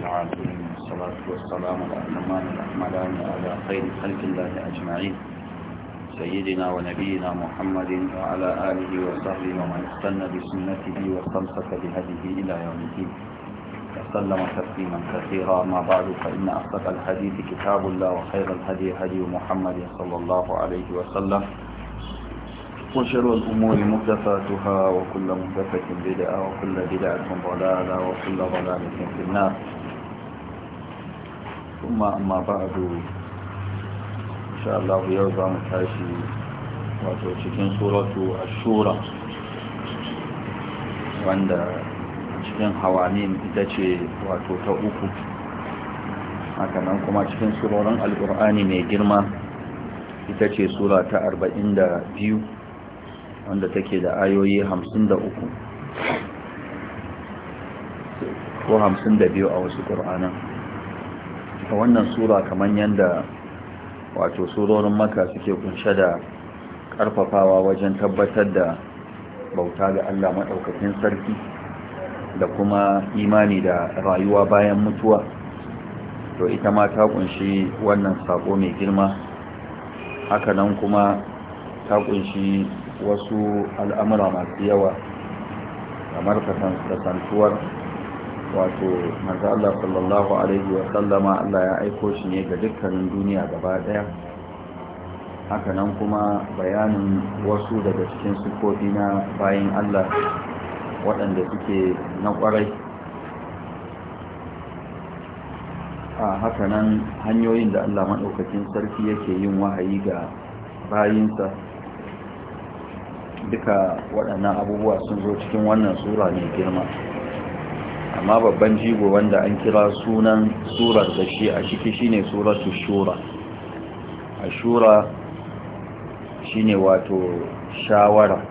العالمين والصلاة والسلام الأكمان الأحملان على خير خلق الله أجمعين سيدنا ونبينا محمد وعلى آله وصحبه ومن استنى بسنته واستمسك بهذه إلى يوم الدين وسلم تسليما كثيرا ما بعد فإن أصدق الحديث كتاب الله وخير الهدي هدي محمد صلى الله عليه وسلم وشر الأمور مهدفاتها وكل مهدفة بدعة وكل بدعة ضلالة وكل ضلالة في النار ثم amma ba a شاء الله Allah متعشي za mu tashi wato cikin hawanin ita ce wato ta uku hakanan kuma cikin surorin alkur'ani mai girma ita ce sura ta arba'in da biyu wanda take da ayoyi hamsin da uku ko hamsin da biyu a wasu ƙur'anan A wannan sura kamar yadda wato surorin maka suke kunshe da ƙarfafawa wajen tabbatar da bauta ga Allah maɗaukakin sarki da kuma imani da rayuwa bayan mutuwa to ita ma ta kunshi wannan sako mai girma hakanan kuma ta kunshi wasu al'amura masu yawa kamar kasantuwar wato manzo sallallahu alaihi wa sallama Allah ya aiko shi ne ga dukkanin duniya gaba daya Hakanan kuma bayanin wasu daga cikin sukofi na bayin Allah waɗanda suke na ƙwarai a hakanan, hanyoyin da Allah maɗaukacin sarki yake yin wahayi ga bayinsa duka waɗannan abubuwa sun zo cikin wannan sura mai girma amma babban jigo wanda an kira sunan surar da shi a ciki shine suratu shura ashura shine wato shawara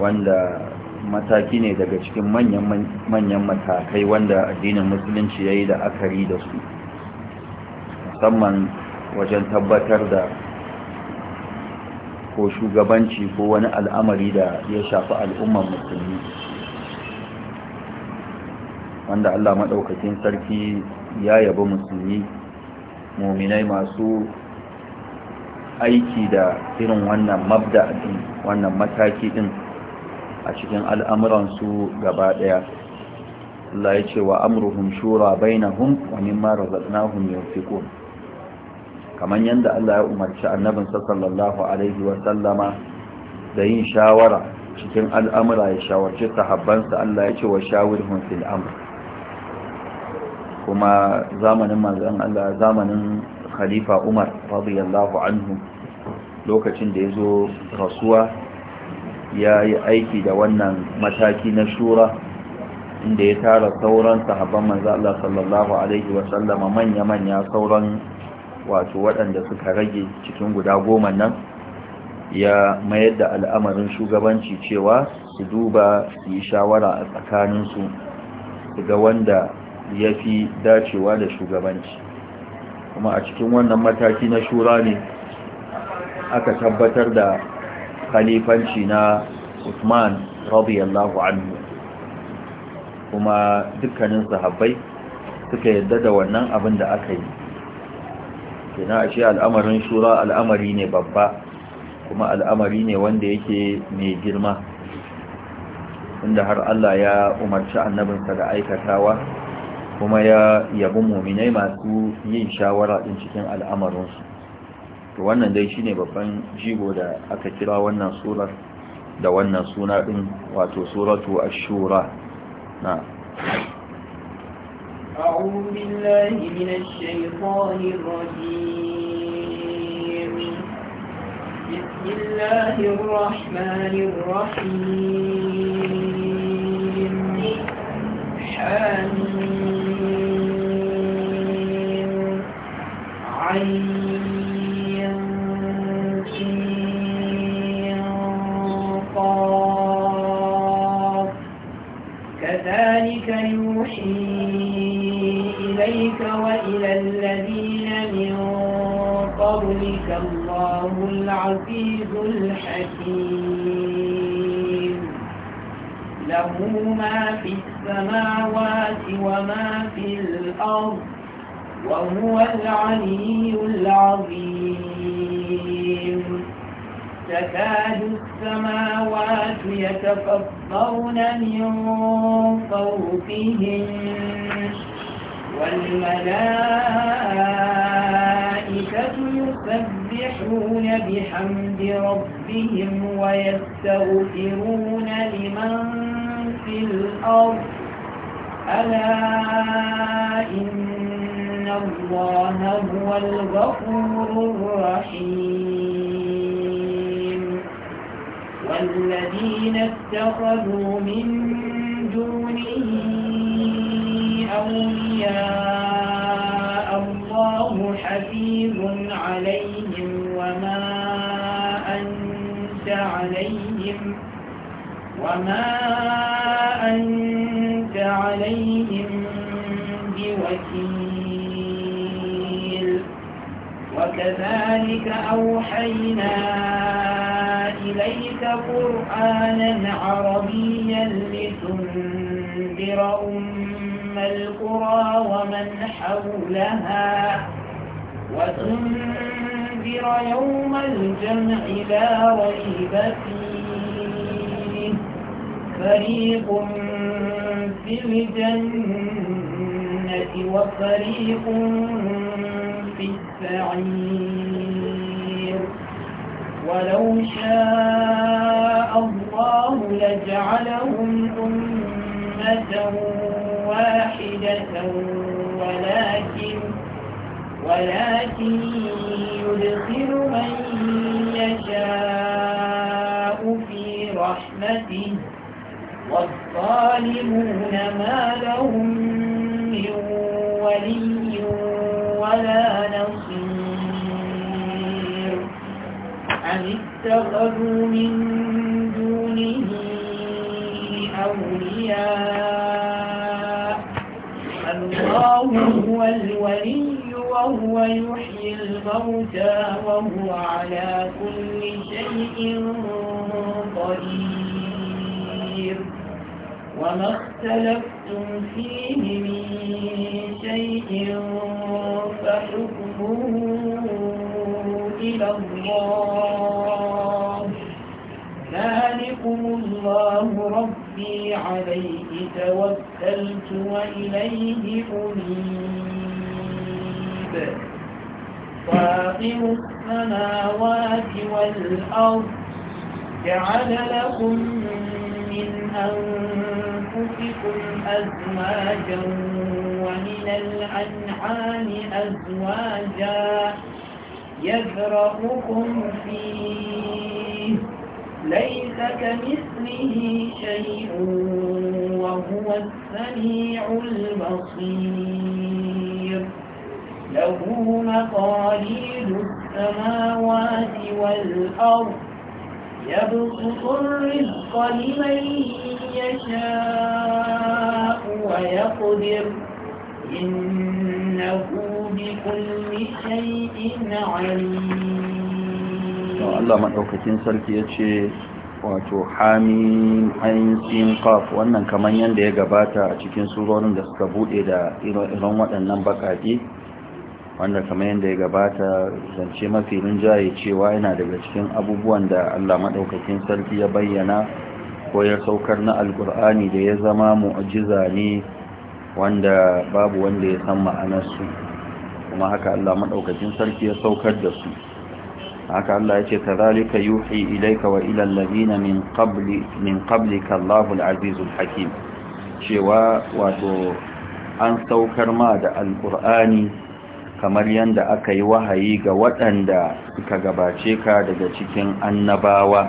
wanda mataki ne daga cikin manyan matakai wanda addinin musulunci yayi da akari da su musamman wajen tabbatar da ko shugabanci ko wani al'amari da ya shafi al'ummar musulmi wanda Allah maɗaukakin sarki ya yaba musulmi muminai masu aiki da irin wannan mabda din wannan mataki din a cikin al'amuransu gaba ɗaya Allah ya ce wa amruhum shura bainahum wa mimma razaqnahum yunfiqun kamar yadda Allah ya umarci annabin sallallahu alaihi wa sallama da yin shawara cikin al'amura ya shawarci sahabbansa Allah ya ce wa shawirhum fil amr kuma zamanin manzon Allah zamanin khalifa Umar radiyallahu anhu lokacin da yazo rasuwa ya yi aiki da wannan mataki na shura inda ya tara sauran sahabban manzo Allah sallallahu alaihi wa sallam manya-manya sauran wato waɗanda suka rage cikin guda goma nan ya mayar da al'amarin shugabanci cewa su duba su yi shawara a tsakaninsu ga wanda ya fi dacewa da shugabanci kuma a cikin wannan mataki na shura ne aka tabbatar da khalifanci na usman radiyallahu anhu kuma dukkanin sahabbai suka yarda da wannan abin da aka yi kina ashe al'amarin shura al'amari ne babba kuma al'amari ne wanda yake mai girma inda har Allah ya umarci annabinsa da aikatawa kuma ya yabi muminai masu yin shawara din cikin al'amarinsu to wannan dai shine babban jigo da aka kira wannan surar da wannan suna din wato suratu ash-shura na أعوذ بالله من الشيطان الرجيم بسم الله الرحمن الرحيم حميم كذلك يوحي إليك وإلى الذين من قبلك الله العزيز الحكيم له ما في السماوات وما في الأرض وهو العلي العظيم تكاد السماوات يتفطرن من فوقهم والملائكة يسبحون بحمد ربهم ويستغفرون لمن في الأرض ألا إن الله هو الغفور الرحيم والذين اتخذوا من دونه أولياء الله حفيظ عليهم وما أنت عليهم وما أنت عليهم بوكيل وكذلك أوحينا إليك قرآنا عربيا لتنذر أم القرى ومن حولها وتنذر يوم الجمع لا ريب فيه فريق في الجنة وفريق في السعير ولو شاء الله لجعلهم أمة واحدة ولكن ولكن يدخل من يشاء في رحمته والظالمون ما لهم من ولي نصير أم اتخذوا من دونه أولياء الله هو الولي وهو يحيي الموتى وهو على كل شيء قدير وما اختلفتم فيه من شيء ذلكم الله ربي عليه توكلت وإليه أنيب فاطر السماوات والأرض جعل لكم من أنفسكم أنفسكم أزواجا ومن الأنعام أزواجا يذرأكم فيه ليس كمثله شيء وهو السميع البصير له مقاليد السماوات والأرض يبسط الرزق لمن يشاء ويقدر إنه بكل شيء عليم Allah maɗaukakin sarki ya ce wato hamin ayin wannan kamar yadda ya gabata a cikin surorin da suka buɗe da irin waɗannan baƙaƙe wanda kamar yadda ya gabata zance mafi rinjaye cewa yana daga cikin abubuwan da Allah maɗaukakin sarki ya bayyana ko ya saukar na alkur'ani da ya zama mu'ajiza ne wanda babu wanda ya san ma'anarsu kuma haka Allah maɗaukakin sarki ya saukar da su haka Allah ya ce kazalika yuhi ilaika wa ila alladhina min qabli min qablika Allahu al hakim cewa wato an saukar ma da alkur'ani kamar yadda aka yi wahayi ga waɗanda suka gabace ka daga cikin annabawa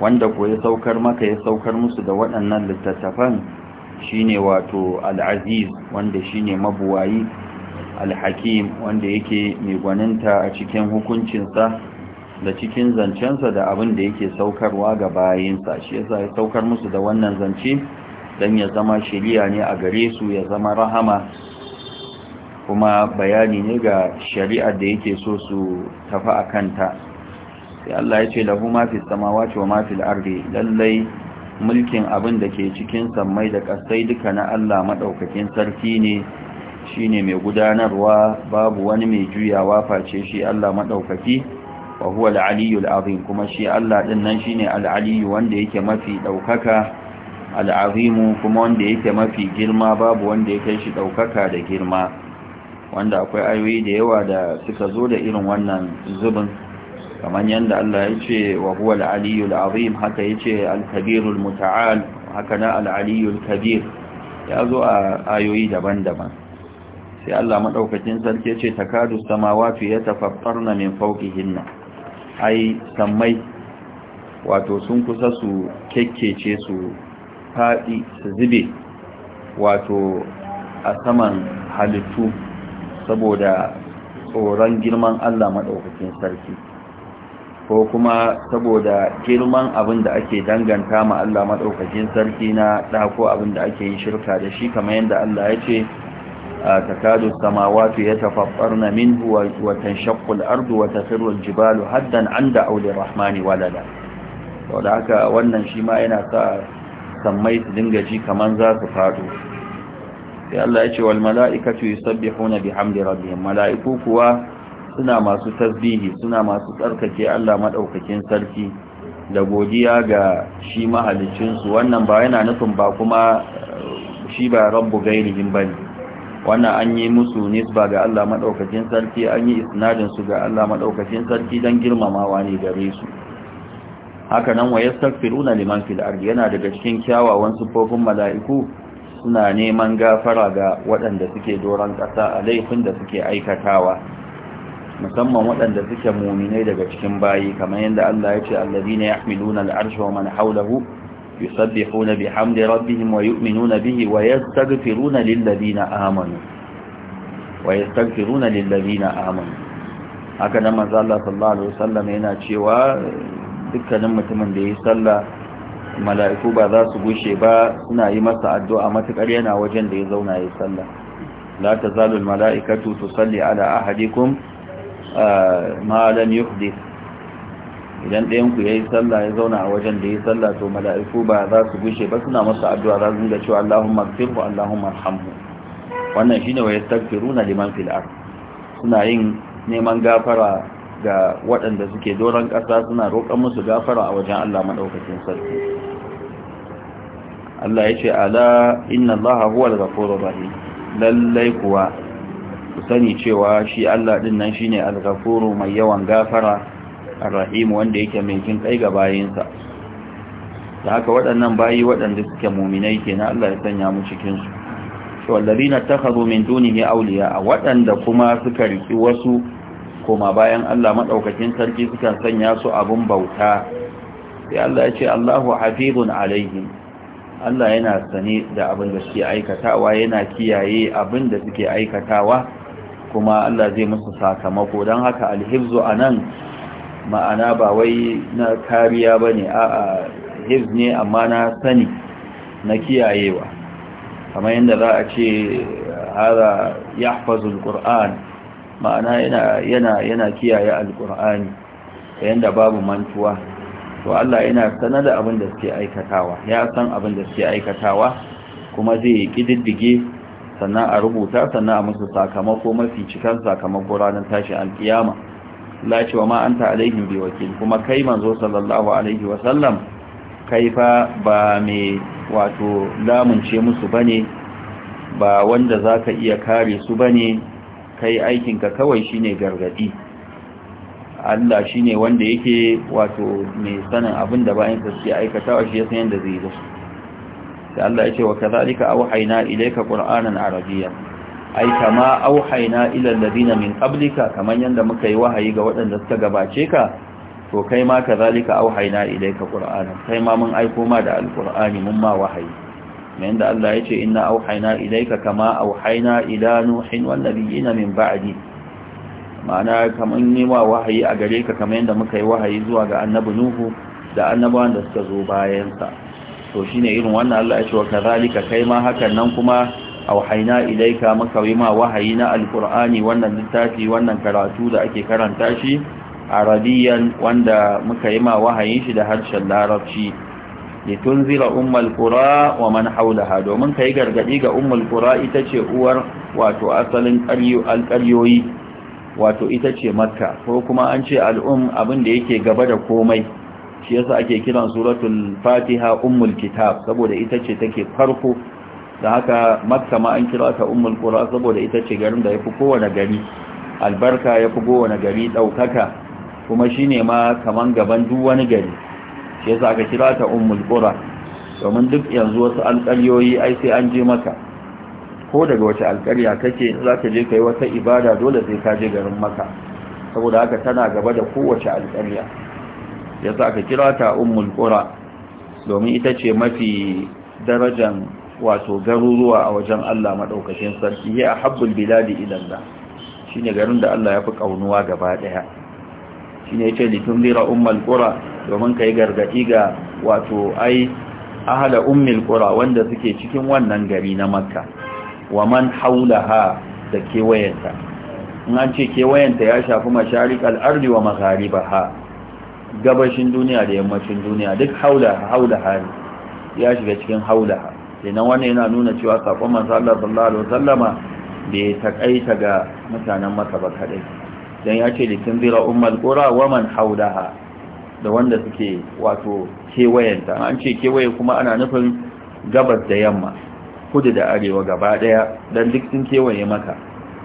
wanda ko ya saukar maka ya saukar musu da waɗannan littattafan shine wato al'aziz wanda shine mabuwayi alhakim wanda yake mai gwaninta a cikin hukuncinsa da cikin zancensa da abin da yake saukarwa ga bayansa shi yasa ya saukar musu da wannan zance don ya zama shiriya ne a gare su ya zama rahama kuma bayani ne ga shari'ar da yake so su tafi a kanta sai Allah ya ce lahu ma fi samawati wa ma fil ardi lallai mulkin abin da ke cikin sammai da ƙasai duka na Allah maɗaukakin sarki ne shi ne mai gudanarwa babu wani mai juyawa face shi Allah maɗaukaki wa huwa al'aliyu azim kuma shi Allah ɗin nan shi ne al'aliyu wanda yake mafi ɗaukaka al'azimu kuma wanda yake mafi girma babu wanda ya kai shi ɗaukaka da girma wanda akwai ayoyi da yawa da suka zo da irin wannan zubin kamar yadda Allah ya ce wa huwa al-aliyyul azim haka yace al-kabirul muta'al haka na al-aliyyul kabir ya zo a ayoyi daban-daban sai Allah madaukakin sarki yace takadu samawati yatafattarna min fawqihinna ai sammai wato sun kusa su kekkece su fadi su zube wato a saman halittu saboda tsoron girman Allah maɗaukakin sarki ko kuma saboda girman abin da ake danganta ma Allah maɗaukakin sarki na ɗako abin da ake yin shirka da shi kamar yadda Allah ya ce takadu samawatu ya tafaffar na min watan shakul ardu wata firin jibalu haddan an da aulin rahmani walada sau haka wannan shi ma yana sa sammai su dinga ji kamar za su faɗo sai Allah ya ce wal mala'ikatu yusabbihuna bihamdi rabbihim mala'iku kuwa suna masu tasbihi suna masu tsarkake Allah madaukakin sarki da godiya ga shi mahalicin su wannan ba yana nufin ba kuma eh, shi ba rabbu gairihim bane wannan an yi musu nisba ga Allah madaukakin sarki an yi isnadin su ga Allah madaukakin sarki dan girmamawa ne gare su haka nan wa yastaghfiruna liman fil ardi yana daga cikin kyawawan sufofin mala'iku suna neman gafara ga waɗanda suke doron ƙasa a laifin da suke aikatawa musamman waɗanda suke muminai daga cikin bayi kamar yadda Allah ya ce alladhina yahmiluna al'arsha wa man hawlahu yusabbihuna bihamdi rabbihim wa yu'minuna bihi wa yastaghfiruna lilladhina amanu wa ya yastaghfiruna lilladhina amanu haka nan manzo Allah sallallahu alaihi wasallam yana cewa dukkanin mutumin da ya yi sallah mala'iku ba za su gushe ba suna yi masa addu'a matukar yana wajen da ya zauna ya sallah la tazalu almala'ikatu tusalli ala ahadikum ma lam yuhdith idan ɗayan ku yayi sallah ya zauna a wajen da ya sallah to mala'iku ba za su gushe ba suna masa addu'a za su ga cewa Allahumma ighfirhu Allahumma arhamhu wannan shine wa na liman filar. ard suna yin neman gafara ga waɗanda suke doron ƙasa suna roƙon musu gafara a wajen Allah maɗaukacin sarki Allah ya ce ala inna Allah huwa al-ghafurur rahim lallai kuwa ku sani cewa shi Allah din nan shine al-ghafuru mai yawan gafara ar-rahim wanda yake mai jin kai ga bayinsa da haka waɗannan bayi waɗanda suke muminai kenan Allah ya sanya mu cikin su to alladhina takhadhu min dunihi awliya waɗanda kuma suka riki wasu koma bayan Allah madaukakin sarki suka sanya su abun bauta sai Allah ya ce Allahu hafizun alaihim Allah yana sane da abin da suke aikatawa yana kiyaye abin da suke aikatawa kuma Allah zai musu sakamako don haka alhibzu a nan ma'ana ba wai na kariya ba ne a hibz ne amma na sani na kiyayewa kamar yadda za a ce hada ya fazul ƙur'an ma'ana yana kiyaye alƙur'ani yadda babu mantuwa to Allah yana sanar da abin da suke aikatawa ya san abin da suke aikatawa kuma zai kididdige sannan a rubuta sannan a musu sakamako mafi cikan sakamako ranar tashi alkiyama la ce wa ma alaihim bi wakil kuma kai manzo sallallahu alaihi wa sallam kai fa ba mai wato lamunce musu bane ba wanda zaka iya kare su bane kai aikinka kawai shine gargadi Allah shi ne wanda yake wato mai sanin abin da bayan aikata aikatawa shi ya san yadda zai zo Da Allah ya ce wa kadhalika auhayna ilayka qur'anan arabiyya ai kama auhayna ila alladhina min qablika kaman yanda muka yi wahayi ga waɗanda suka gabace ka to kai ma kadhalika auhayna ilayka qur'anan kai ma mun aiko ma da alqur'ani mun ma wahayi kamar yanda Allah ya ce inna auhayna ilayka kama auhayna ila nuhin wan nabiyina min ba'di ma'ana kamar nema wahayi a gare ka kamar yadda muka yi wahayi zuwa ga annabi nuhu da annabawan da suka zo bayansa to shine irin wannan Allah ya ce wa kazalika kai ma hakan nan kuma auhayna ilaika muka yi ma wahayi na alkur'ani wannan littafi wannan karatu da ake karanta shi arabiyan wanda muka yi ma wahayin shi da harshen larabci litunzira ummal qura wa man hawlaha domin kai gargadi ga ummal qura ita ce uwar wato asalin ƙaryo wato ita ce makka ko kuma an ce al'um abin da yake gaba da komai shi yasa ake kiran suratun fatiha ummul kitab saboda ita ce take farko da haka makka ma an kira ta ummul qura saboda ita ce garin da yafi kowane gari albarka yafi kowane gari daukaka kuma shine ma kaman gaban duk wani gari shi yasa aka kira ta ummul qura domin duk yanzu wasu alƙalyoyi ai sai an je maka ko daga wace alƙarya kake in za ka je ka yi wata ibada dole sai ka je garin maka saboda haka tana gaba da kowace alƙarya ya sa aka kira ta ummul qura domin ita ce mafi darajan wato garuruwa a wajen Allah madaukakin sarki ya habbul biladi idan da ne garin da Allah ya fi ƙaunuwa gaba daya ce yace litunzira ummul qura domin kayi gargadi ga wato ai ahala ummul qura wanda suke cikin wannan gari na makka wa man haulaha da kewayenta in an ce kewayenta ya shafi masharik al'ardi wa magharibaha gabashin duniya da yammacin duniya duk haulaha haulaha ya shiga cikin haulaha kenan wannan yana nuna cewa sakon manzo Allah sallallahu alaihi wasallama bai takaita ga mutanen maka ba kadai dan ya ce litin zira ummal qura wa man haulaha da wanda suke wato kewayenta an ce kewaye kuma ana nufin gabas da yamma kudu da arewa gaba daya dan duk sun kewaye maka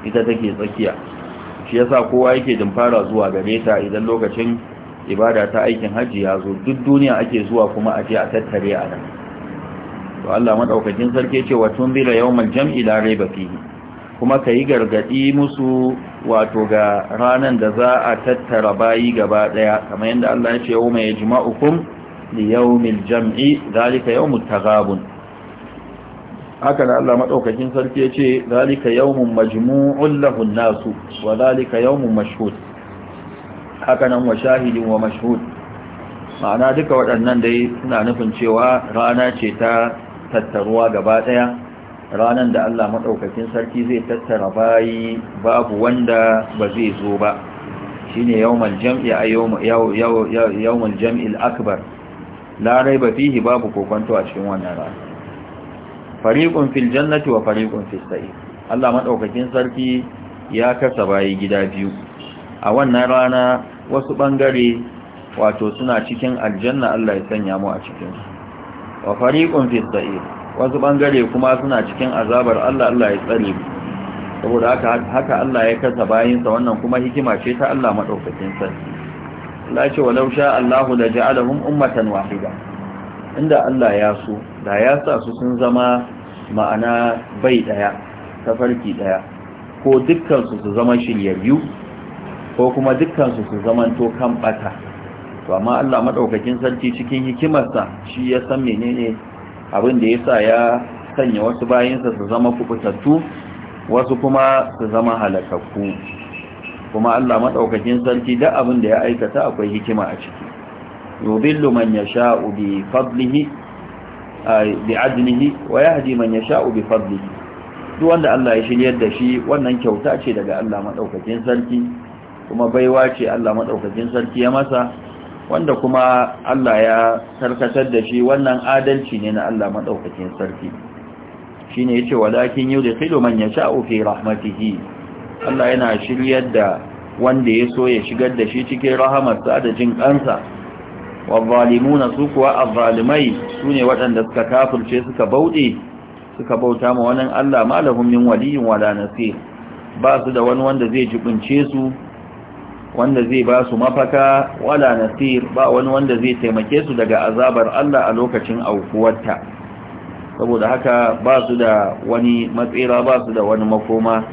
ita take tsakiya shi yasa kowa yake fara zuwa gare ta idan lokacin ibada ta aikin hajji ya zo duk duniya ake zuwa kuma a je a tattare a nan to Allah madaukakin sarki ce wa tunzila yawmal jam'i la raiba fihi kuma kayi gargadi musu wato ga ranan da za a tattara bayi gaba daya kamar yadda Allah ya ce yawma yajma'ukum li yawmil jam'i dalika yawmut taghabun haka na Allah maɗaukakin sarki yace zalika yawmun majmu'un lahu nasu wa zalika yawmun mashhud haka nan wa shahidin wa mashhud ma'ana duka waɗannan dai suna nufin cewa rana ce ta tattaruwa gaba ɗaya ranan da Allah maɗaukakin sarki zai tattara bayi babu wanda ba zai zo ba shine yawmal jam'i a yawmal jam'il akbar larai ba fihi babu kokonto a cikin wannan rana Fariƙun fil jannati wa fariƙun fis Allah madaukakin sarki ya kasa bayi gida biyu a wannan rana wasu bangare wato suna cikin aljanna Allah ya sanya mu a cikin wa fariqun fis wasu bangare kuma suna cikin azabar Allah Allah ya tsare mu saboda haka haka Allah ya kasa bayinsa wannan kuma hikima ce ta Allah madaukakin sarki Allah ce walau sha Allahu la ja'alahum ummatan wahida inda Allah ya so da ya sa su sun zama ma'ana bai ɗaya tafarki ɗaya ko dukkansu su zama shiryayyu ko kuma dukkansu su to kan bata to amma Allah maɗaukakin sarki cikin hikimarsa shi ya san menene abin da ya sa ya sanya wasu bayinsa su zama kubutattu wasu kuma su zama halakakku kuma Allah maɗaukakin sarki da abin da ya aikata akwai hikima a ciki yubillu man yasha'u bi fadlihi bi'adlihi wa yahdi man yasha'u bi fadlihi duk wanda Allah ya shiryar da shi wannan kyauta ce daga Allah madaukakin sarki kuma baiwa ce Allah madaukakin sarki ya masa wanda kuma Allah ya sarkatar da shi wannan adalci ne na Allah madaukakin sarki shine yace walakin yudkhilu man yasha'u fi rahmatihi Allah yana shiryar da wanda ya so ya shigar da shi cikin rahamarsa da jin kansa wazalimuna su kuwa azzalimai su ne waɗanda suka kafirce suka bauɗe bauta wa wani Allah malahun min waliyin wala nasir ba su da wani wanda zai jibince su wanda zai ba su mafaka wala nasir ba wani wanda zai taimake su daga azabar Allah a lokacin aukuwarta saboda haka ba su da wani matsira ba su da wani makoma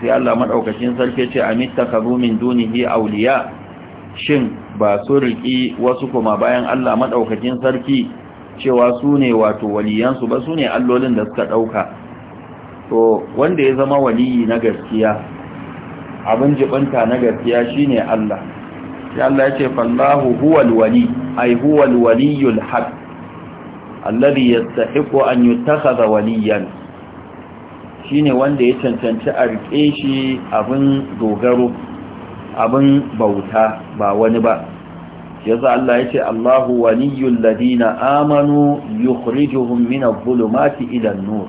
sai Allah madaukakin sarki ya ce amittakhadhu min dunihi awliya shin ba su riƙi wasu kuma bayan Allah maɗaukakin sarki cewa su ne wato waliyansu ba su ne allolin da suka ɗauka to wanda ya zama waliyi na gaskiya abin jibinta na gaskiya shine Allah sai Allah ya ce fallahu huwal wali ai huwal waliyul haq alladhi yastahiqu an yutakhadha waliyan shine wanda ya cancanci a rike shi abin dogaro abin bauta ba wani ba yasa Allah ya ce Allahu waliyyul ladina amanu yukhrijuhum min adh-dhulumati ila an-nur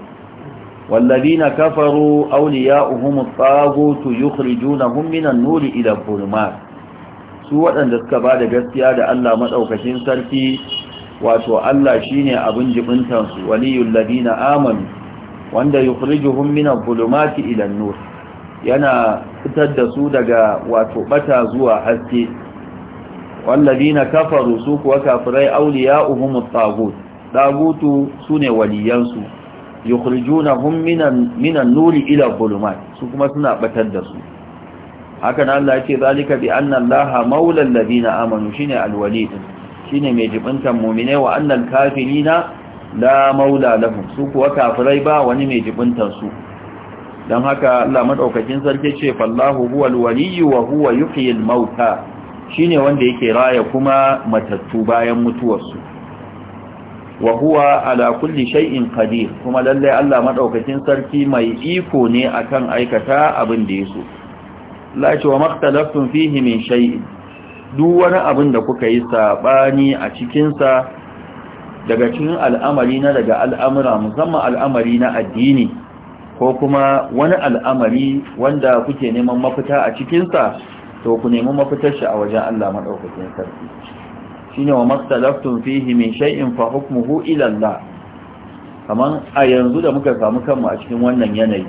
والذين كفروا أولياؤهم الطاغوت يخرجونهم من النور إلى الظلمات su waɗanda suka ba da gaskiya da Allah maɗaukacin sarki wato Allah shi ne abin jibintansu waliyun ladina amanu wanda yukhrijuhum min adh-dhulumati ila an-nur yana fitar da su daga wato bata zuwa haske na kafaru su kuwa kafirai awliya'uhum at-taghut tagutu sune waliyansu yukhrijunahum minan minan nuri ila dhulumat su kuma suna batar da su haka nan Allah yake zalika bi anna Allah maula alladhina amanu shine alwali shine mai jibintan mu'mine wa annal kafirina la maula lahum su kuwa kafirai ba wani mai jibintan su don haka Allah maɗaukacin sarki ce fallahu huwal waliyyu wa huwa yuhyil mauta shine wanda yake raya kuma matattu bayan mutuwarsu wa huwa ala kulli shay'in qadir kuma lalle Allah maɗaukacin sarki mai iko ne akan aikata abin da yaso la ce wa makhtalaftum fihi min shay'in duk wani abin da kuka yi sabani a cikin sa daga cikin al'amari na daga al'amura musamman al'amari na addini ko kuma wani al'amari wanda kuke neman mafita a cikinsa to ku nemi mafitar shi a wajen Allah maɗaukakin sarki shine wa maktalaftun fihi min shay'in fa hukmuhu ila Allah kaman a yanzu da muka samu kanmu a cikin wannan yanayi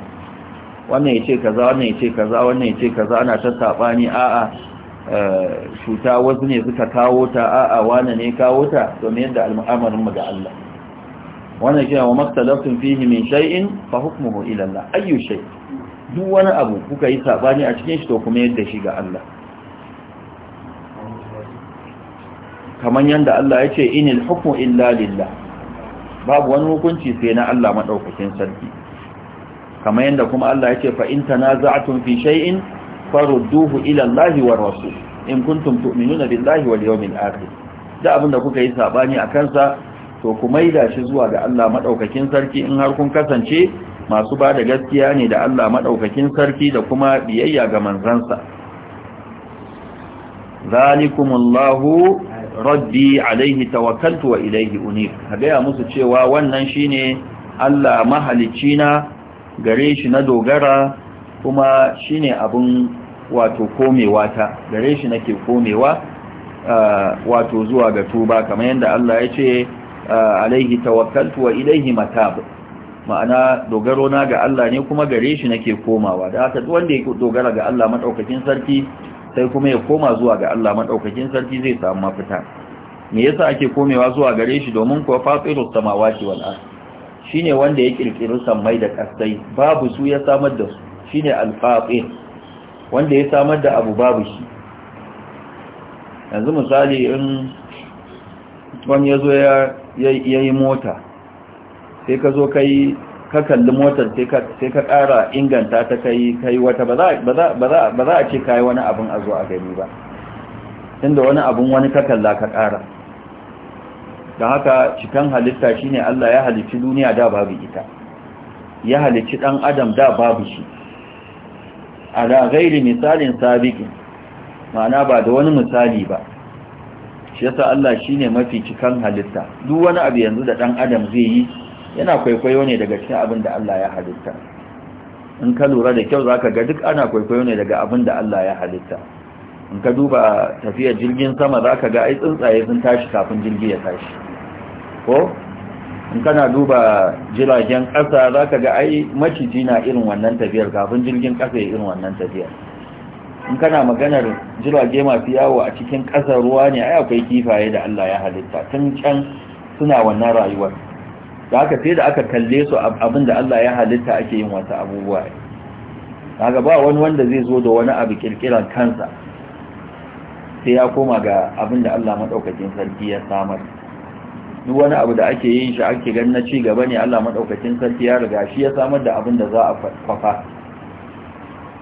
wannan yace kaza wannan yace kaza wannan yace kaza ana ta sabani a'a eh, cuta wasu ne suka kawo ta a'a wane ne kawo ta domin yadda al'amarin mu da Allah wannan kira wa maktalafin fihi min shay'in fa hukmuhu ila Allah ayyu shay duk wani abu kuka yi sabani a cikin shi to kuma yadda shi ga Allah kamar yanda Allah ya ce inil hukmu illa lillah babu wani hukunci sai na Allah madaukakin sarki kamar yanda kuma Allah ya ce fa in tanaza'tum fi shay'in farudduhu ila Allah wa rasul in kuntum tu'minuna billahi wal yawmil akhir da abinda kuka yi sabani akan sa to ku maida shi zuwa ga Allah maɗaukakin sarki in har kun kasance masu ba da gaskiya ne da Allah maɗaukakin sarki da kuma biyayya ga manzansa zalikumullahu rabbi alaihi tawakkaltu wa ilaihi unib gaya musu cewa wannan shine Allah mahalicci na gare shi na dogara kuma shine abun wato komewa ta gare shi nake komewa ah, wato zuwa ga tuba kamar yadda Allah ya ce alaihi tawakkaltu wa ilaihi matab ma'ana dogaro na ga Allah ne kuma gare shi nake komawa da haka duk wanda ya dogara ga Allah madaukakin sarki sai kuma ya koma zuwa ga Allah madaukakin sarki zai samu mafita me yasa ake komewa zuwa gare shi domin kuwa fatirus samawati wal ard shine wanda ya kirkiri samai da kasai babu su ya samar da su shine al-fatir wanda ya samar da abu babu shi yanzu misali in wani ya zo ya ya yi mota sai ka zo ka yi kakalli kalli motar sai ka ƙara inganta ta ka yi wata ba za a ce ka yi wani abin a zo a gani ba inda wani abin wani ka kalla ka ƙara da haka cikin halitta shine Allah ya halicci duniya da babu ita ya halicci ɗan adam da babu shi a da gairi misalin sabiƙin ma'ana ba da wani misali ba yasa Allah shine mafi cikan halitta duk wani abu yanzu da dan adam zai yi yana kwaikwayo ne daga cikin abin da Allah ya halitta in ka lura da kyau zaka ga duk ana kwaikwayo ne daga abin da Allah ya halitta in ka duba tafiyar jirgin sama zaka ga ai tsuntsaye sun tashi kafin jirgi ya tashi ko in kana duba jiragen ƙasa zaka ga ai maciji na irin wannan tafiyar kafin jirgin ƙasa ya irin wannan tafiyar in kana maganar jirage masu yawo a cikin ƙasar ruwa ne ai akwai kifaye da Allah ya halitta tun can suna wannan rayuwar da aka sai da aka kalle su abin da Allah ya halitta ake yin wasu abubuwa daga ba wani wanda zai zo da wani abu kirkiran kansa sai ya koma ga abin da Allah maɗaukakin sarki ya samar duk wani abu da ake yin shi ake ganin na ci gaba ne Allah maɗaukakin sarki ya riga shi ya samar da abin da za a kwafa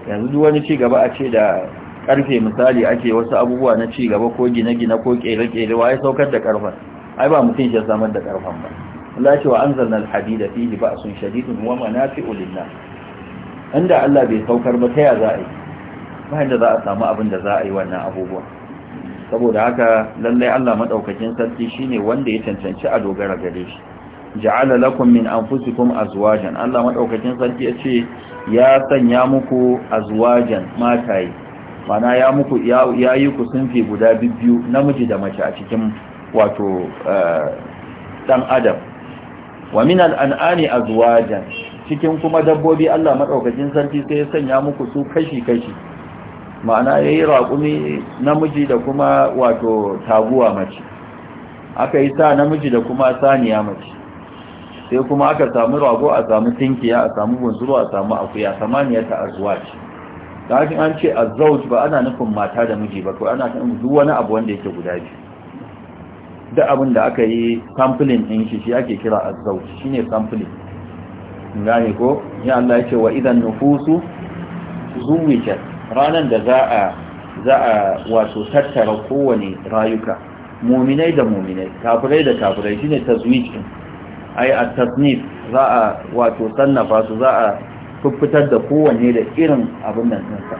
yanzu duk wani cigaba a ce da karfe misali ake wasu abubuwa na cigaba ko gine-gine ko kere-kere ya saukar da karfan ai ba mutum shi samar da karfan ba Allah cewa anzalna alhadida fihi ba'sun shadidun wa manafi'u lillah inda Allah bai saukar ba ta ya za a yi ba inda za a samu abin da za a yi wannan abubuwa saboda haka lallai Allah madaukakin sarki shine wanda ya cancanci a dogara gare shi ja'ala lakum min anfusikum azwajan Allah madaukakin sarki yace ya sanya muku azwajan matai mana ya muku ya yi ku sunfi guda biyu namiji da mace a cikin wato eh, dan adam wa min al'an'ani azwajan cikin kuma dabbobi Allah madaukakin sarki sai ya sanya muku su kashi kashi ma'ana yayi raƙumi namiji da kuma wato taguwa mace aka yi sa namiji da kuma saniya mace sai kuma aka samu rago a samu tinkiya a samu bunzuru a samu akuya samaniya ta azwaj kafin an ce azwaj ba ana nufin mata da miji ba ko ana nufin duk wani abu wanda yake guda biyu duk abin da aka yi sampling din shi shi ake kira azwaj shine sampling gane ko ya Allah ya ce wa idan nufusu zuwijat ranan da za a za a wato tattara kowane rayuka muminai da muminai kafirai da kafirai shine tazwijin din ai a tasnif za a wato sannafa su za a fuffitar da kowanne da irin abin nan sa.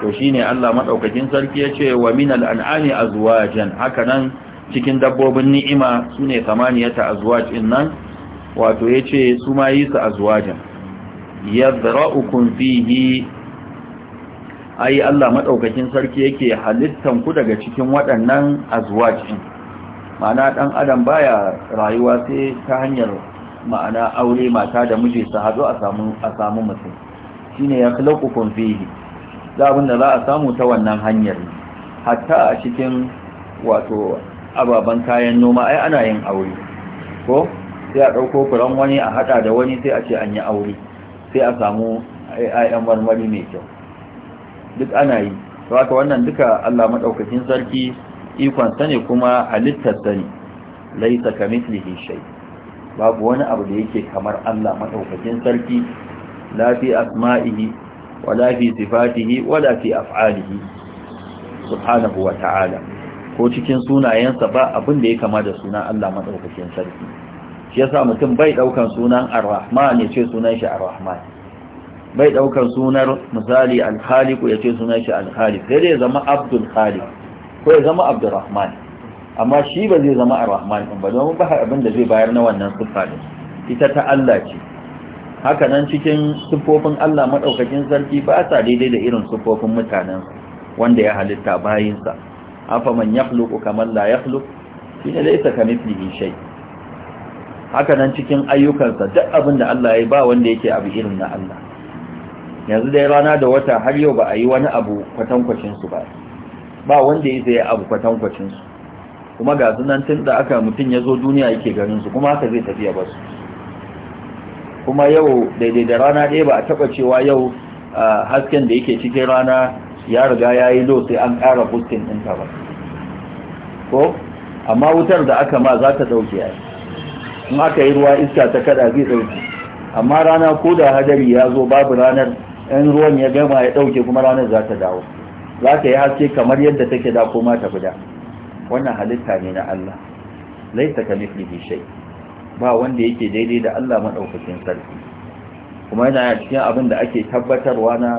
to shine Allah madaukakin sarki yace wa minal an'ami azwajan haka nan cikin dabbobin ni'ima sune samaniyata azwaj din nan wato yace su ma yi su azwajan yadra'ukum fihi ai Allah madaukakin sarki yake halittan ku daga cikin waɗannan azwaj din ma'ana ɗan adam baya rayuwa sai ta hanyar ma'ana aure mata da miji su haɗu a samu mutum shine ya khalaqu fihi da abin da za a samu ta wannan hanyar hatta a cikin wato ababen kayan noma ai ana yin aure ko sai a ɗauko furen wani a haɗa da wani sai a ce an yi aure sai a samu ayan marmari mai kyau duk ana yi ta wannan duka allah maɗaukacin sarki ikon sa ne kuma halittar sa ne laisa kamithlihi shay babu wani abu da yake kamar Allah madaukakin sarki la fi asma'ihi wala fi sifatihi wala fi af'alihi subhanahu wa ta'ala ko cikin sunayensa ba abin da ya kama da sunan Allah madaukakin sarki shi yasa mutum bai daukan sunan ar-rahman ya ce sunan shi ar-rahman bai daukan sunar misali al-khaliq ya ce sunan shi al-khaliq sai dai zama abdul khaliq ko ya zama abdurrahman amma shi ba zai zama arrahman Rahman ba domin ba abin da zai bayar na wannan siffa ɗin ita ta Allah ce haka nan cikin siffofin Allah maɗaukakin sarki ba sa daidai da irin siffofin mutanen wanda ya halitta bayinsa afa man yakhluqu kaman la yakhluq shine laysa kamithlihi shay haka nan cikin ayyukansa duk abin da Allah ya ba wanda yake abu irin na Allah yanzu dai rana da wata har yau ba a yi wani abu kwatankwacin su ba ba wanda ya zai abu kwatankwacin su kuma ga sunan tun da aka mutum ya zo duniya yake ganin su kuma haka zai tafiya ba su kuma yau daidai da rana ɗaya ba a taɓa cewa yau hasken da yake cikin rana ya riga ya yi lo sai an ƙara bustin ɗinka ba ko amma wutar da aka ma za ta ɗauke ya in aka yi ruwa iska ta kada zai ɗauki, amma rana ko da hadari ya zo babu ranar in ruwan ya gama ya ɗauke kuma ranar za ta dawo za ka yi haske kamar yadda take da koma ta guda wannan halitta ne na Allah laita ka mithlihi shay ba wanda yake daidai da Allah madaukakin sarki kuma yana cikin abin da ake tabbatarwa na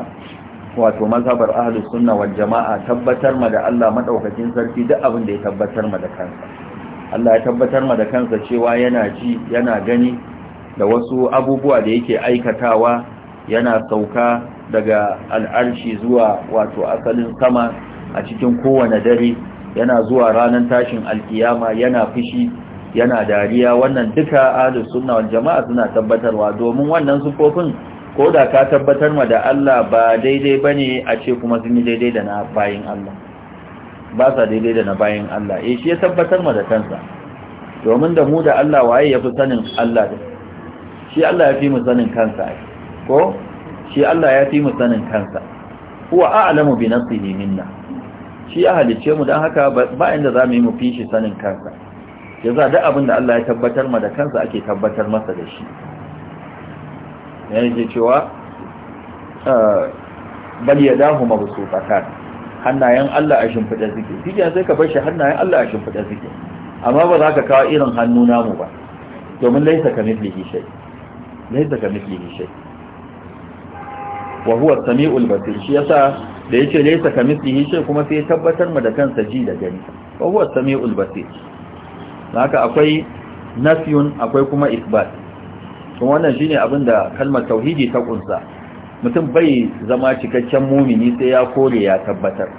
wato mazhabar ahlus sunna wal jamaa tabbatar ma da Allah madaukakin sarki duk abin da ya tabbatar ma da kansa Allah ya tabbatar ma da kansa cewa yana ji yana gani da wasu abubuwa da yake aikatawa yana sauka daga al'arshi zuwa wato asalin sama a cikin kowane dare yana zuwa ranar tashin alkiyama yana fushi yana dariya wannan duka ahlus sunna wal jama'a suna tabbatarwa domin wannan sufofin ko da ka tabbatar ma da Allah ba daidai bane a ce kuma sun yi daidai da na bayin Allah ba sa daidai da na bayin Allah eh shi ya tabbatar ma da kansa domin da mu da Allah waye yafi sanin Allah din shi Allah ya fi mu sanin kansa ai ko shi Allah ya fi mu sanin kansa huwa a'lamu bi nafsihi minna shi ya halice mu dan haka ba inda zamu yi mu fi shi sanin kansa yanzu duk abinda Allah ya tabbatar ma da kansa ake tabbatar masa da shi yake cewa ah, bal yadahu mabsuqatan hannayen Allah a shimfida suke shi sai ka bar shi hannayen Allah a shimfida suke amma ba za ka kawo irin hannu namu ba domin laisa ka mithlihi shay laisa ka shay wa huwa sami'ul basir shi yasa da yace laysa kamithlihi ce kuma sai tabbatar mu da kansa ji da gani wa huwa sami'ul basir haka akwai nafyun akwai kuma isbat to wannan shine abin da kalmar tauhidi ta kunsa mutum bai zama cikakken mumini sai ya kore ya tabbatar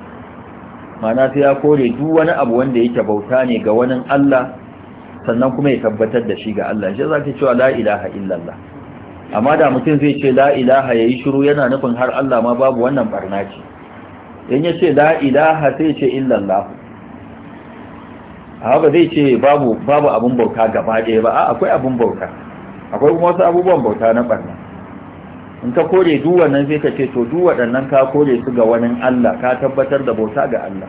mana sai ya kore duk wani abu wanda yake bauta ne ga wani Allah sannan kuma ya tabbatar da shi ga Allah shi zaka cewa la ilaha illallah amma da mutum zai ce la ilaha yayi shiru yana nufin har Allah ma babu wannan barna ce in ya ce la ilaha sai ce illallah haka zai ce babu babu abun bauta gaba ɗaya ba a akwai abun bauta akwai kuma wasu abubuwan bauta na barna in ka kore duk wannan sai ka ce to duk waɗannan ka kore su ga wani Allah ka tabbatar da bauta ga Allah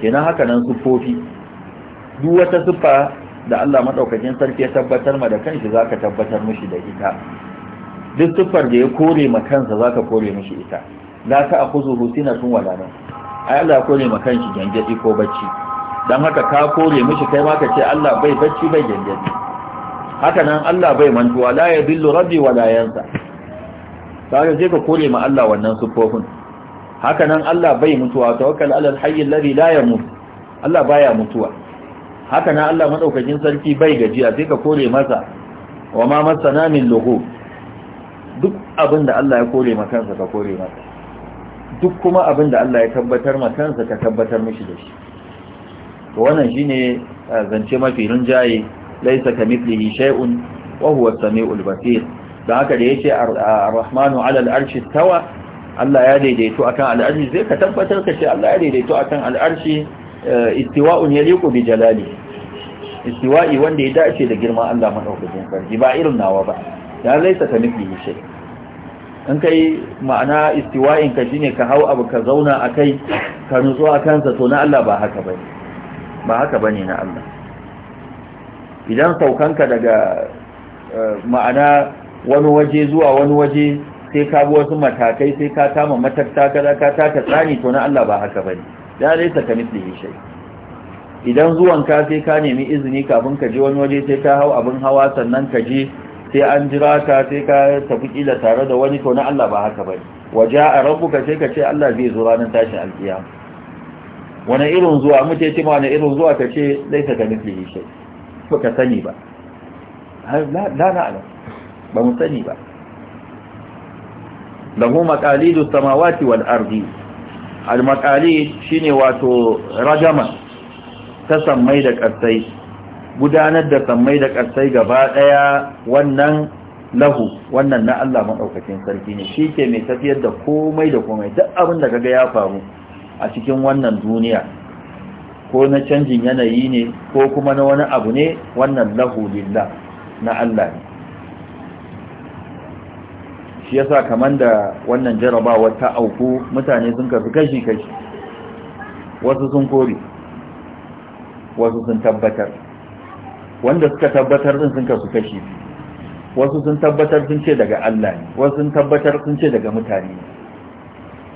kenan haka nan kofi duk wata siffa da Allah maɗaukacin sarki ya tabbatar ma da kanshi za ka tabbatar mishi da ita duk siffar da ya kore ma kansa za ka kore mishi ita la ta akhuzuhu sinatun wala nawm ai Allah ya kore ma kanshi gyangyaɗi ko bacci Don haka ka kore mishi kai ma ka ce Allah bai bacci bai gyangyaɗi. haka nan Allah bai mantuwa la yadillu rabbi wala yansa kaga sai ka kore ma Allah wannan siffofin haka nan Allah bai mutuwa tawakkal alal hayy alladhi la yamut Allah baya mutuwa haka na Allah madaukakin sarki bai gajiya sai ka kore masa wa ma masana min lughub duk abin da Allah ya kore makansa ka kore masa duk kuma abin da Allah ya tabbatar makansa ka tabbatar mishi da shi to wannan shine eh, zance mafi rinjaye laisa kamithlihi shay'un wa huwa as-sami'ul basir dan haka da yace ar-rahmanu 'ala al-arshi tawa Allah ya daidaito akan al-arshi sai ka tabbatar ka ce Allah ya daidaito akan al-arshi Eh, istiwa'un yaliqu bi jalali istiwa'i wanda ya dace da girma Allah madaukakin sarki ba irin nawa ba da laisa ka nufi shi in kai ma'ana istiwa'in ka shine ka hau abu ka zauna akai ka nutsu a kansa to na Allah ba haka bane ba haka bane na Allah idan saukanka daga eh, ma'ana wani waje zuwa wani waje sai ka bi wasu matakai sai ka kama matakta kaza ka taka tsani to na Allah ba haka bane ya laisa ka mislihi shay idan zuwan ka sai ka nemi izini kafin ka je wani waje sai ka hau abin hawa sannan ka je sai an jira ka sai ka tafi kila tare da wani to na Allah ba haka bane waja'a rabbuka sai ka ce Allah zai zo ranar tashin alkiyama wani irin zuwa mutai ce ma wani irin zuwa ka ce laisa ka mislihi shay ka sani ba la na'lam ba mu sani ba lahu maqalidu samawati wal ardi al shine wato rajama ta sammai da ƙasai gudanar da sammai da ƙasai gaba ɗaya wannan lahu wannan na Allah maɗaukacin sarki ne shi ke mai tafiyar da komai da komai duk abin da kaga ya faru a cikin wannan duniya ko na canjin yanayi ne ko kuma na wani abu ne wannan lahu lillah na Allah ne shi yasa kamar da wannan jarabawar ta auku mutane sun kafi kashi-kashi wasu sun kori wasu sun tabbatar wanda suka tabbatar din sun kasu kashi wasu sun tabbatar sun ce daga Allah ne wasu sun tabbatar sun ce daga mutane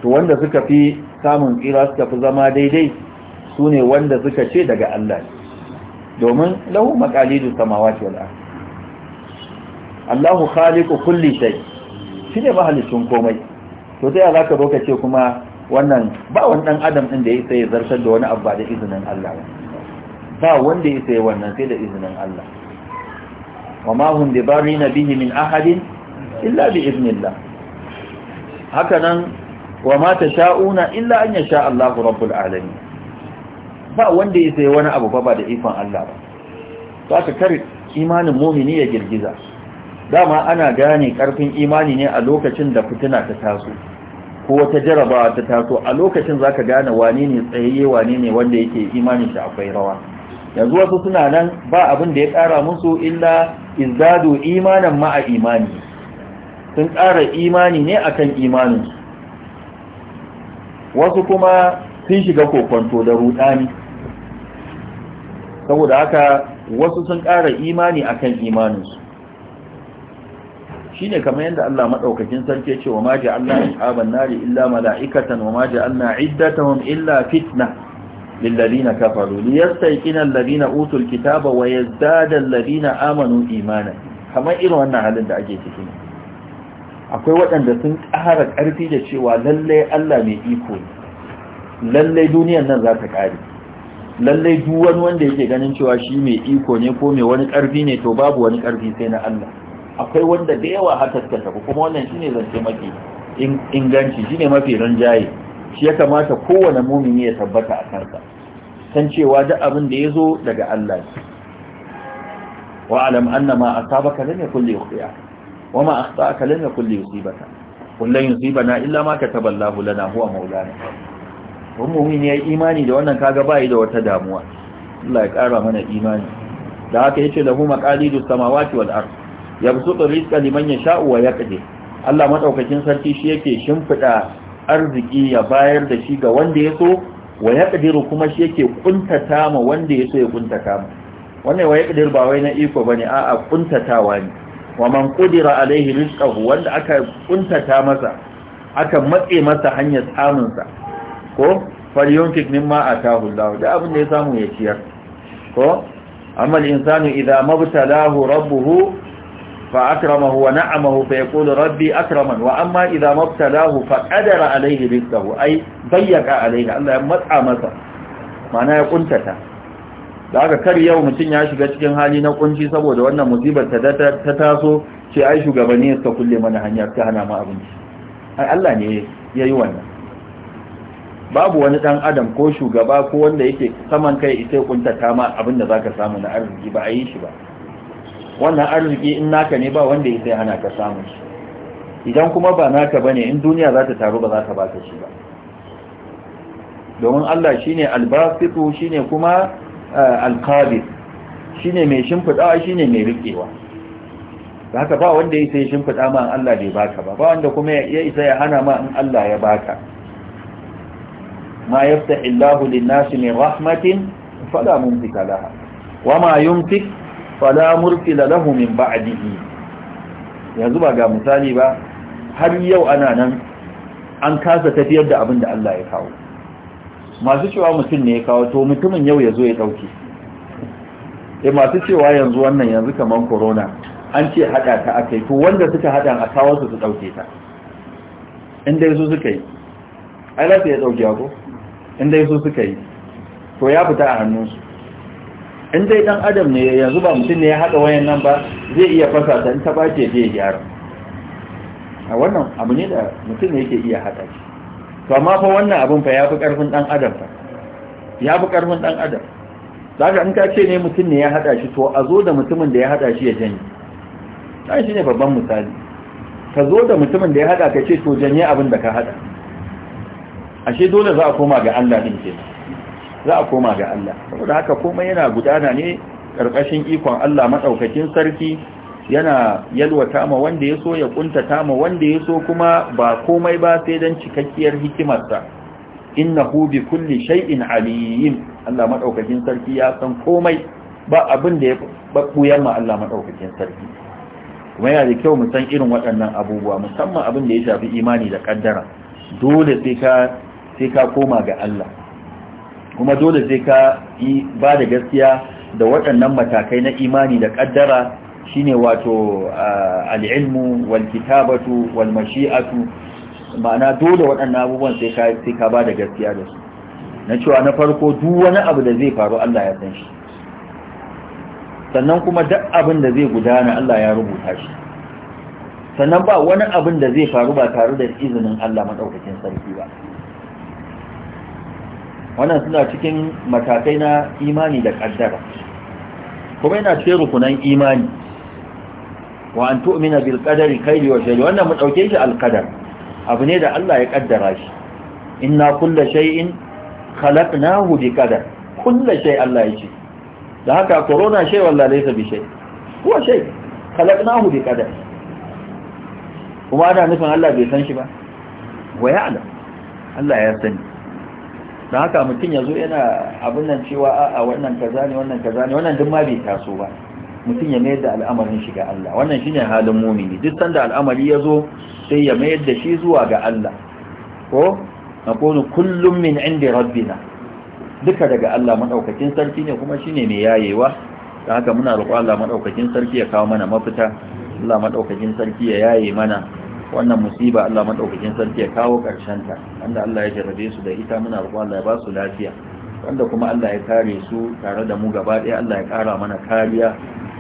to wanda suka fi samun tsira suka fi zama daidai su ne wanda suka ce daga Allah ne domin lahu makalidu samawati wal ardh Allahu khaliqu kulli shay shi ne mahalicin komai to ta yaya ka zo ka ce kuma wannan ba wani ɗan adam ɗin da ya sai zartar da wani abu ba da izinin Allah ba wanda ya sai wannan sai da izinin Allah wa ma hum bi barina bihi min ahadin illa bi iznillah haka nan wa ma sha'una illa an ya sha'Allahu rabbul alamin ba wanda ya sai wani abu ba da ikon Allah ba to ka kare imanin mu'mini ya girgiza dama ana gane karfin imani ne a lokacin da fitina ta taso ko wata jarabawa ta taso a lokacin zaka gane wane ne tsayayye wane ne wanda yake imani shi akwai rawa yanzu wasu suna nan ba abin da ya kara musu illa izdadu imanan ma'a imani sun ƙara imani ne akan imanin wasu kuma sun shiga kokonto da rudani saboda haka wasu sun ƙara imani akan imaninsu shine kamar yadda Allah madaukakin sarki yace wa ma ja'alna ashaban nari illa mala'ikatan wa ma ja'alna iddatahum illa fitna lil ladina kafaru liyastayqina alladhina utul kitaba wa yazdada alladhina amanu imana kamar irin wannan halin da ake ciki akwai waɗanda sun ƙara ƙarfi da cewa lalle Allah mai iko ne lalle duniyar nan za ta ƙare lalle duk wani wanda yake ganin cewa shi mai iko ne ko mai wani ƙarfi ne to babu wani ƙarfi sai na Allah akwai wanda da yawa haka suka kuma wannan shine zance mafi inganci shine mafi rinjaye shi ya kamata kowane mumini ya tabbata a kansa san cewa duk abin da ya zo daga Allah ne wa alam anna ma asabaka lam yakul li yukhti'a wa ma akhta'aka lam yakul li yusibaka qul lan yusibana illa ma kataba Allahu lana huwa maulana wani mumini ya imani da wannan kaga bai da wata damuwa Allah ya kara mana imani da haka yace lahu maqalidus samawati wal ardh yabsutu rizqa liman yasha'u wa yaqdir Allah maɗaukakin sarki shi yake shimfiɗa arziki ya bayar da shi ga wanda yaso wa yaqdiru kuma shi yake kuntata ma wanda so ya kuntata ma wannan wa yaqdir ba wai na iko bane a'a kuntatawa ne wa man ƙudira alaihi rizqahu wanda aka ƙuntata masa aka matse masa hanyar samun Ko ko falyunfik mimma atahu Allah da abin da ya samu ya ciyar ko amma al idan mabtalahu rabbuhu Fa rabbi ونعمه wa. Amma أكرمن وأما إذا ما ابتلاه فقدر عليه رزقه أي Allah ya matsa masa, مسا ya يقنتتا da aka kar yau mutum ya shiga cikin hali na kunci saboda wannan musibar ta ta taso ce ai shugabanni suka kulle mana hanya ta hana mu abinci ai Allah ne yayi wannan babu wani dan adam ko shugaba ko wanda yake saman kai ita kuntata ma abin da zaka samu na arziki ba a yi shi ba wannan arziki in naka ne ba wanda ya sai hana ka samun shi idan kuma ba naka bane in duniya za ta taru ba za ta baka shi ba domin Allah shine albasitu shine kuma eh, alqabid shine mai shimfidawa shine mai rikewa haka ba wanda ya sai shimfida ma in Allah bai baka ba ba wanda kuma ya isa ya hana ma in Allah ya baka ma yaftahu Allahu lin-nasi min rahmatin fala mumsika laha wama fala murtila lahu min ba'dihi yanzu ba ga misali ba har yau ana nan an kasa tafiyar da abin da Allah ya kawo masu cewa mutum ne ya kawo to mutumin yau ya zo ya dauke eh masu cewa yanzu wannan yanzu kaman corona an ce hada ta akai to wanda suka hada a kawo su su dauke ta inda su suka yi ai lafiya ya dauke ko inda su suka yi to ya fita a hannunsu in dai dan adam ne yanzu ba mutum ne ya haɗa wayan nan ba zai iya fasa ta in ta bace zai gyara a wannan abu ne da mutum ne yake iya haɗa shi to amma fa wannan abin fa ya fi ƙarfin dan adam fa ya fi ƙarfin dan adam ka in ka ce ne mutum ne ya haɗa shi to a zo da mutumin da ya haɗa shi ya janye dan shi ne babban misali ka zo da mutumin da ya haɗa ka ce to janye abin da ka haɗa ashe dole za a koma ga Allah din kenan za a koma ga Allah saboda haka komai yana gudana ne karkashin ikon Allah madaukakin sarki yana yalwata ma wanda ya so ya kuntata ma wanda ya so kuma ba komai ba sai dan cikakkiyar hikimarsa innahu bi kulli shay'in alim Allah madaukakin sarki ya san komai ba abin da ya bakuyan ma Allah madaukakin sarki kuma yana da kyau mu san irin waɗannan abubuwa musamman abin da ya shafi imani da kaddara dole sai ka sai ka koma ga Allah kuma dole sai ka yi ba da gaskiya da waɗannan matakai na imani da ƙaddara shine wato al'ilmu wal kitabatu wal mashi'atu ma'ana dole waɗannan abubuwan sai ka sai ka ba da gaskiya da su na cewa na farko duk wani abu da zai faru Allah ya san shi sannan kuma duk abin da zai gudana Allah ya rubuta shi sannan ba wani abin da zai faru ba tare da izinin Allah madaukakin sarki ba wannan suna cikin matakai na imani da kaddara kuma yana cikin rukunan imani wa an tu'mina bil qadari khayri wa sharri wannan mu dauke shi al qadar abu ne da Allah ya kaddara shi inna kulla shay'in khalaqnahu bi qadar kulla shay Allah ya ce da haka corona shay wallahi laysa bi shay huwa shay khalaqnahu bi qadar kuma ana nufin Allah bai san shi ba wa ya'lam Allah ya sani dan haka mutum ya zo yana abin nan cewa a wannan kaza ne wannan kaza ne wannan duk ma bai taso ba mutum ya mayar da al'amarin shi ga Allah wannan shine halin mumini duk sanda al'amari ya zo sai ya mayar da shi zuwa ga Allah ko na kone kullum min indi rabbina duka daga Allah madaukakin sarki ne kuma shine mai yayewa Da haka muna roƙo Allah madaukakin sarki ya kawo mana mafita Allah madaukakin sarki ya yaye mana wannan musiba Allah madaukakin sarki ya kawo karshenta ta wanda Allah ya jarrabe su da ita muna roƙon Allah ya ba su lafiya wanda kuma Allah ya kare su tare da mu gaba ɗaya Allah ya ƙara mana kariya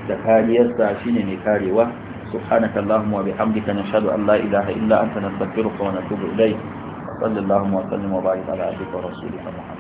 da kariyarsa shine mai karewa subhanakallahumma wa bihamdika nashhadu an la ilaha illa anta nastaghfiruka wa natubu ilayk sallallahu wa sallam wa barik ala abdika